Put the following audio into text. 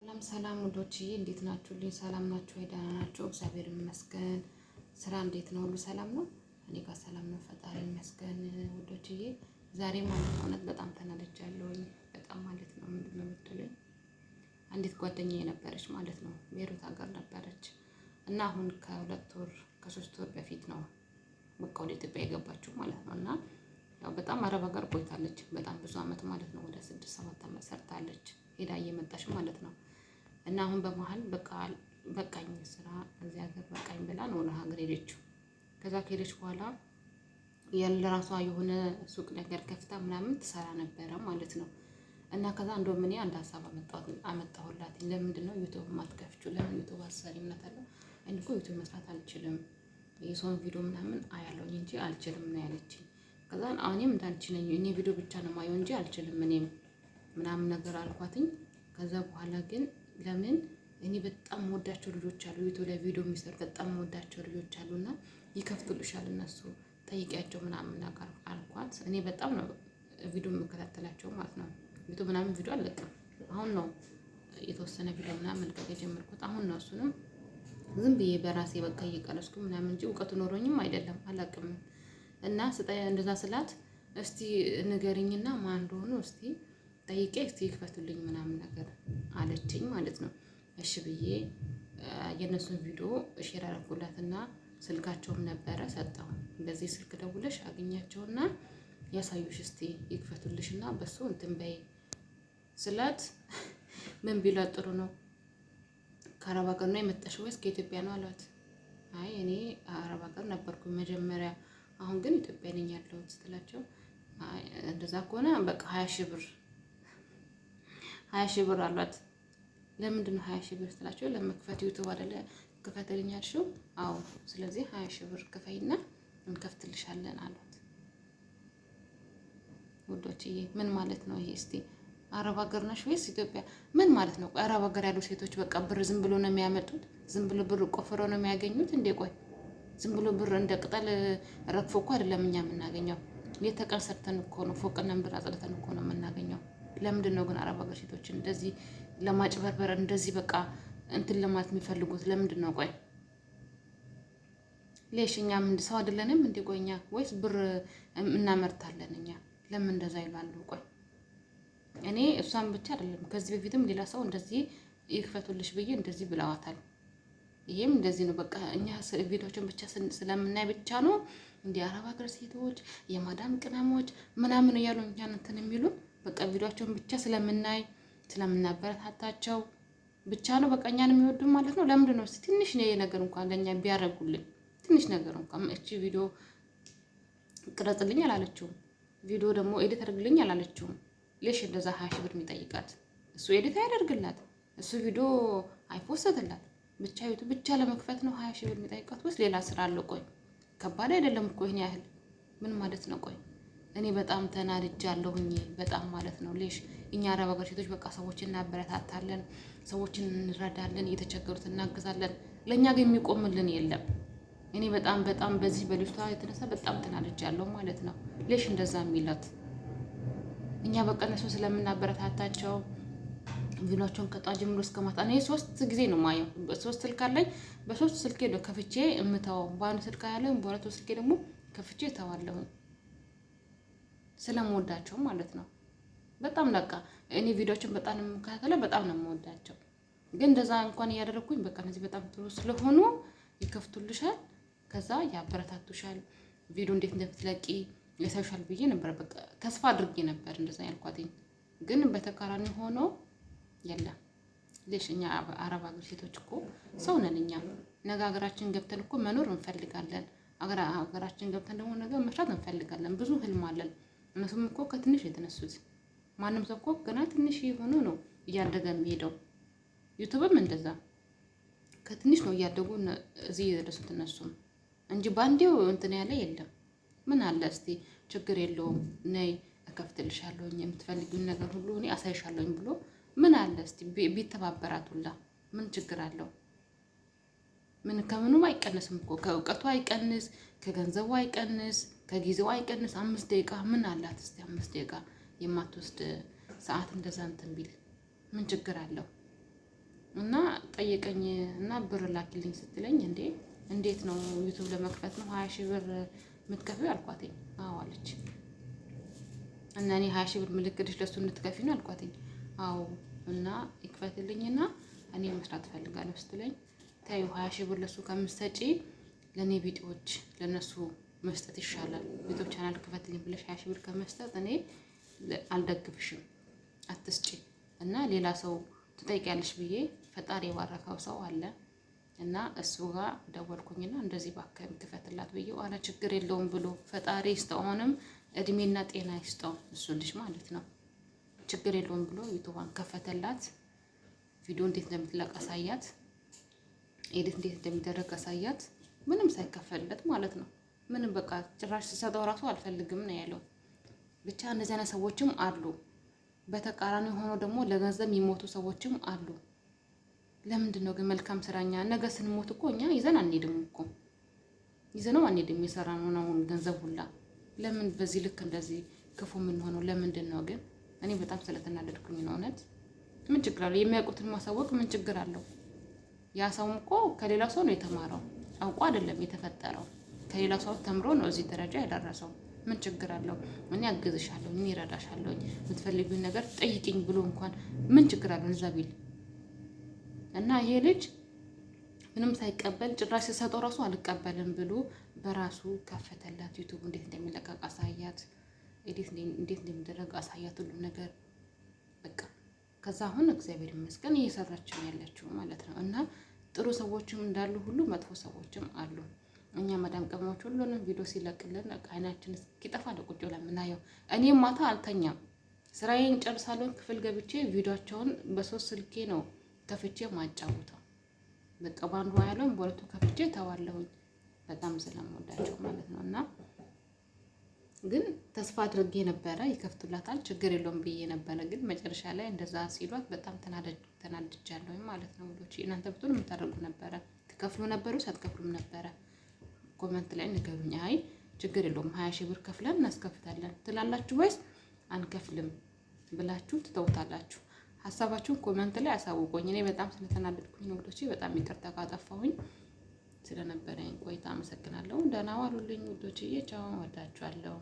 ሰላም ሰላም ውዶችዬ እንዴት ናችሁልኝ? ሰላም ናችሁ ወይ? ደህና ናችሁ? እግዚአብሔር ይመስገን። ስራ እንዴት ነው? ሁሉ ሰላም ነው? እኔ ጋር ሰላም ነው፣ ፈጣሪ ይመስገን። ውዶችዬ ዛሬ ማለት እውነት በጣም ተናድጃለሁኝ። በጣም ማለት ነው ምንድን ነው የምትሉኝ? አንዲት ጓደኛዬ ነበረች ማለት ነው ቤሩት ሀገር ነበረች እና አሁን ከሁለት ወር ከሶስት ወር በፊት ነው በቃ ወደ ኢትዮጵያ የገባችው ማለት ነው እና ያው በጣም አረብ ሀገር ቆይታለች። በጣም ብዙ አመት ማለት ነው ወደ ስድስት ሰባት አመት ሰርታለች ሄዳ እየመጣች ማለት ነው እና አሁን በመሀል በቃኝ ስራ እዚህ ሀገር በቃኝ ብላ ነው ለሀገር ሄደችው። ከዛ ከሄደች በኋላ የራሷ የሆነ ሱቅ ነገር ከፍታ ምናምን ትሰራ ነበረ ማለት ነው። እና ከዛ እንደውም እኔ አንድ ሀሳብ አመጣሁላት። ለምንድን ነው ዩቱብ ማትከፍችው? ለምን ዩቱብ አሰሪ ምናምን አለው። እኔ እኮ ዩቱብ መስራት አልችልም፣ የሰውን ቪዲዮ ምናምን አያለውኝ እንጂ አልችልም ነው ያለችኝ። ከዛ እኔም እንዳንቺ ነኝ፣ እኔ ቪዲዮ ብቻ ነው ማየው እንጂ አልችልም እኔም ምናምን ነገር አልኳትኝ። ከዛ በኋላ ግን ለምን እኔ በጣም መወዳቸው ልጆች አሉ፣ ዩቱብ ላይ ቪዲዮ የሚሰሩ በጣም መወዳቸው ልጆች እና ይከፍቱልሻል እነሱ ጠይቂያቸው ምናምን አልኳት። እኔ በጣም ነው ቪዲዮ የምከታተላቸው ማለት ነው። ዩቱብ ምናምን ቪዲዮ አልለቅም። አሁን ነው የተወሰነ ቪዲዮ ምናምን መልቀቅ የጀመርኩት አሁን ነው። እሱንም ዝም ብዬ በራሴ በቃ እየቀረስኩ ምናምን እንጂ እውቀቱ ኖሮኝም አይደለም አላቅም። እና ስጠ እንደዛ ስላት እስቲ ንገሪኝና ማን እንደሆኑ እስቲ ጠይቄ እስቲ ይክፈቱልኝ ምናምን ነገር አለችኝ ማለት ነው። እሺ ብዬ የእነሱን ቪዲዮ ሼር አደረኩላትና ስልካቸውም ነበረ ሰጠው። በዚህ ስልክ ደውለሽ አግኛቸውና ያሳዩሽ እስቲ ይክፈቱልሽና በሱ እንትን በይ ስላት ምን ቢሏት ጥሩ ነው ከአረብ ሀገር ነው የመጣሽው ወይስ ከኢትዮጵያ ነው አሏት። አይ እኔ አረብ ሀገር ነበርኩ መጀመሪያ፣ አሁን ግን ኢትዮጵያ ነኝ ያለሁት ስትላቸው እንደዛ ከሆነ በቃ ሀያ ሺህ ብር ሀያ ሺህ ብር አሏት። ለምንድን ነው ሀያ ሺህ ብር ስትላቸው ለመክፈት ዩቱብ አደለ ክፈትልኝ አልሽው? አዎ ስለዚህ ሀያ ሺህ ብር ክፈይና እንከፍትልሻለን አሏት። ውዶችዬ ምን ማለት ነው ይሄ? እስቲ አረብ ሀገር ነሽ ወይስ ኢትዮጵያ? ምን ማለት ነው? አረብ ሀገር ያሉ ሴቶች በቃ ብር ዝም ብሎ ነው የሚያመጡት? ዝም ብሎ ብር ቆፍረው ነው የሚያገኙት እንዴ? ቆይ ዝም ብሎ ብር እንደ ቅጠል ረግፎ እኮ አይደለም እኛ የምናገኘው። የተቀን ሰርተን እኮ ነው ፎቅና ብር አጽድተን እኮ ነው የምናገኘው። ለምንድን ነው ግን አረብ ሀገር ሴቶች እንደዚህ ለማጭበርበር እንደዚህ በቃ እንትን ለማለት የሚፈልጉት ለምንድን ነው? ቆይ ሌሽ እኛ ምንድን ሰው አይደለንም እንዴ? ቆይ እኛ ወይስ ብር እናመርታለን እኛ? ለምን እንደዛ ይላሉ? ቆይ እኔ እሷን ብቻ አይደለም ከዚህ በፊትም ሌላ ሰው እንደዚህ ይክፈቱልሽ ብዬ እንደዚህ ብለዋታል። ይሄም እንደዚህ ነው። በቃ እኛ ቪዲዮችን ብቻ ስለምናይ ብቻ ነው እንዲህ አረብ ሀገር ሴቶች የማዳም ቅናሞች ምናምን እያሉ እኛን እንትን የሚሉ በቃ ቪዲዮቸውን ብቻ ስለምናይ ስለምናበረታታቸው ብቻ ነው በቃ እኛን የሚወዱን ማለት ነው። ለምንድን ነው ትንሽ ነገር እንኳን ለእኛ ቢያደርጉልን ትንሽ ነገር እንኳን እቺ ቪዲዮ ቅረጽልኝ አላለችውም። ቪዲዮ ደግሞ ኤዲት አድርግልኝ አላለችውም። ሌሽ እንደዛ ሀያ ሺህ ብር የሚጠይቃት እሱ ኤዲት አያደርግላት እሱ ቪዲዮ አይፖስትላት ብቻ ዩቱ ብቻ ለመክፈት ነው ሀያ ሺህ ብር የሚጠይቃት ወይስ ሌላ ስራ አለው? ቆይ ከባድ አይደለም እኮ ይህን ያህል ምን ማለት ነው? ቆይ እኔ በጣም ተናድጃለሁኝ። በጣም ማለት ነው ሌሽ እኛ አረብ ሀገር ሴቶች በቃ ሰዎችን እናበረታታለን፣ ሰዎችን እንረዳለን፣ እየተቸገሩት እናግዛለን። ለእኛ ግን የሚቆምልን የለም። እኔ በጣም በጣም በዚህ በልጅቷ የተነሳ በጣም ተናድጃለሁ ማለት ነው። ሌሽ እንደዛ የሚላት እኛ በቃ እነሱ ስለምናበረታታቸው ቪዲዮቸውን ከጧት ጀምሮ እስከ ማታ እኔ ሶስት ጊዜ ነው ማየው። ሶስት ስልክ አለኝ። በሶስት ስልኬ ነው ከፍቼ እምተወው። በአንዱ ስልክ ያለ በሁለቱ ስልኬ ደግሞ ከፍቼ እተዋለሁኝ። ስለምወዳቸው ማለት ነው። በጣም በቃ እኔ ቪዲዮችን በጣም የምከታተለው በጣም ነው የምወዳቸው። ግን እንደዛ እንኳን እያደረግኩኝ በቃ እነዚህ በጣም ጥሩ ስለሆኑ ይከፍቱልሻል፣ ከዛ ያበረታቱሻል። ቪዲዮ እንዴት እንደምትለቂ ያሳዩሻል ብዬ ነበር። በቃ ተስፋ አድርጌ ነበር እንደዛ ያልኳትኝ። ግን በተቃራኒ ሆኖ የለም ልሽ እኛ አረብ ሀገር ሴቶች እኮ ሰው ነን። እኛ ነገ ሀገራችን ገብተን እኮ መኖር እንፈልጋለን። ሀገራችን ገብተን ደግሞ ነገ መስራት እንፈልጋለን። ብዙ ህልም አለን። እነሱም እኮ ከትንሽ የተነሱት። ማንም ሰው እኮ ገና ትንሽ የሆኑ ነው እያደገ የሚሄደው። ዩቱብም እንደዛ ከትንሽ ነው እያደጉ እዚህ የደረሱት እነሱም እንጂ በአንዴው እንትን ያለ የለም። ምን አለ እስቲ ችግር የለውም ነይ እከፍትልሻለሁኝ የምትፈልጊውን ነገር ሁሉ እኔ አሳይሻለሁኝ ብሎ ምን አለ እስቲ ቢተባበራት ሁላ ምን ችግር አለው? ምን ከምኑም አይቀንስም እኮ ከእውቀቱ አይቀንስ፣ ከገንዘቡ አይቀንስ፣ ከጊዜው አይቀንስ። አምስት ደቂቃ ምን አላት እስቲ አምስት ደቂቃ የማትወስድ ሰዓት እንደዛ እንትን ቢል ምን ችግር አለው? እና ጠየቀኝ እና ብር ላኪልኝ ስትለኝ እንዴ እንዴት ነው ዩቱብ ለመክፈት ነው ሀያ ሺህ ብር የምትከፊው አልኳትኝ። አዎ አለች እና እኔ ሀያ ሺህ ብር ምልክልሽ ለሱ እንድትከፊ ነው አልኳትኝ። አዎ እና ይክፈትልኝና እኔ መስራት እፈልጋለሁ ስትለኝ ታዩ ሀያ ሺህ ብር ለሱ ከምትሰጪ ለእኔ ቢጤዎች ለእነሱ መስጠት ይሻላል። ቤቶች ቻናል ክፈትልኝ ብለሽ ሀያ ሺህ ብር ከመስጠት እኔ አልደግፍሽም፣ አትስጪ እና ሌላ ሰው ትጠይቂያለሽ ብዬ ፈጣሪ የባረከው ሰው አለ እና እሱ ጋር ደወልኩኝና እንደዚህ ባካባቢ ክፈትላት ብዬ ኋላ ችግር የለውም ብሎ ፈጣሪ ይስጠው፣ አሁንም እድሜና ጤና ይስጠው እሱ ልጅ ማለት ነው። ችግር የለውም ብሎ ዩቱባን ከፈተላት። ቪዲዮ እንዴት እንደምትለቅ አሳያት። ኤዲት እንዴት እንደሚደረግ አሳያት። ምንም ሳይከፈልለት ማለት ነው። ምንም በቃ ጭራሽ ሲሰጠው ራሱ አልፈልግም ነው ያለው። ብቻ እንደዚህ አይነት ሰዎችም አሉ። በተቃራኒ ሆኖ ደግሞ ለገንዘብ የሚሞቱ ሰዎችም አሉ። ለምንድን ነው ግን መልካም ስራኛ ነገ ስንሞት እኮ እኛ ይዘን አንሄድም እኮ ይዘነው አንሄድም። የሰራ ነው ገንዘብ ሁላ ለምን በዚህ ልክ እንደዚህ ክፉ የምንሆነው ለምንድን ነው ግን? እኔ በጣም ስለተናደድኩኝ ነው እውነት። ምን ችግር አለው? የሚያውቁትን ማሳወቅ ምን ችግር አለው? ያ ሰውም እኮ ከሌላው ሰው ነው የተማረው፣ አውቆ አይደለም የተፈጠረው። ከሌላው ሰው ተምሮ ነው እዚህ ደረጃ ያደረሰው። ምን ችግር አለው? እኔ ያግዝሻለሁ፣ እኔ ይረዳሻለሁ፣ የምትፈልጊውን ነገር ጠይቅኝ ብሎ እንኳን ምን ችግር አለው እዛ ቢል እና ይሄ ልጅ ምንም ሳይቀበል ጭራሽ ሲሰጠው ራሱ አልቀበልም ብሎ በራሱ ከፈተላት። ዩቱብ እንዴት እንደሚለቀቅ አሳያት፣ እንዴት እንደሚደረግ አሳያት፣ ሁሉም ነገር ከዛ አሁን እግዚአብሔር ይመስገን እየሰራች ነው ያለችው ማለት ነው። እና ጥሩ ሰዎችም እንዳሉ ሁሉ መጥፎ ሰዎችም አሉ። እኛ መዳም ቅመሞች ሁሉንም ቪዲዮ ሲለቅልን አይናችን እስኪጠፋ ለቁጭ ብለን የምናየው። እኔም ማታ አልተኛም፣ ስራዬን ጨርሳለሁ። ክፍል ገብቼ ቪዲዮቸውን በሶስት ስልኬ ነው ከፍቼ ማጫወተው። በቃ በአንዱ ያለውን በሁለቱ ከፍቼ ተዋለሁኝ። በጣም ስለምወዳቸው ማለት ነው እና ግን ተስፋ አድርጌ ነበረ ይከፍቱላታል፣ ችግር የለውም ብዬ ነበረ። ግን መጨረሻ ላይ እንደዛ ሲሏት በጣም ተናድጃለሁ ማለት ነው። ውዶች እናንተ ብትሆን የምታደርጉ ነበረ? ትከፍሉ ነበሩ? ሳትከፍሉም ነበረ? ኮመንት ላይ ንገሩኝ። አይ ችግር የለውም ሀያ ሺህ ብር ከፍለን እናስከፍታለን ትላላችሁ ወይስ አንከፍልም ብላችሁ ትተውታላችሁ? ሀሳባችሁን ኮመንት ላይ አሳውቆኝ። እኔ በጣም ስለተናደድኩኝ ነው በጣም ይቅርታ ካጠፋሁኝ። ስለነበረኝ ቆይታ አመሰግናለሁ። ደህና ዋሉልኝ ውዶችዬ፣ ቻውን፣ ወዳችኋለሁ።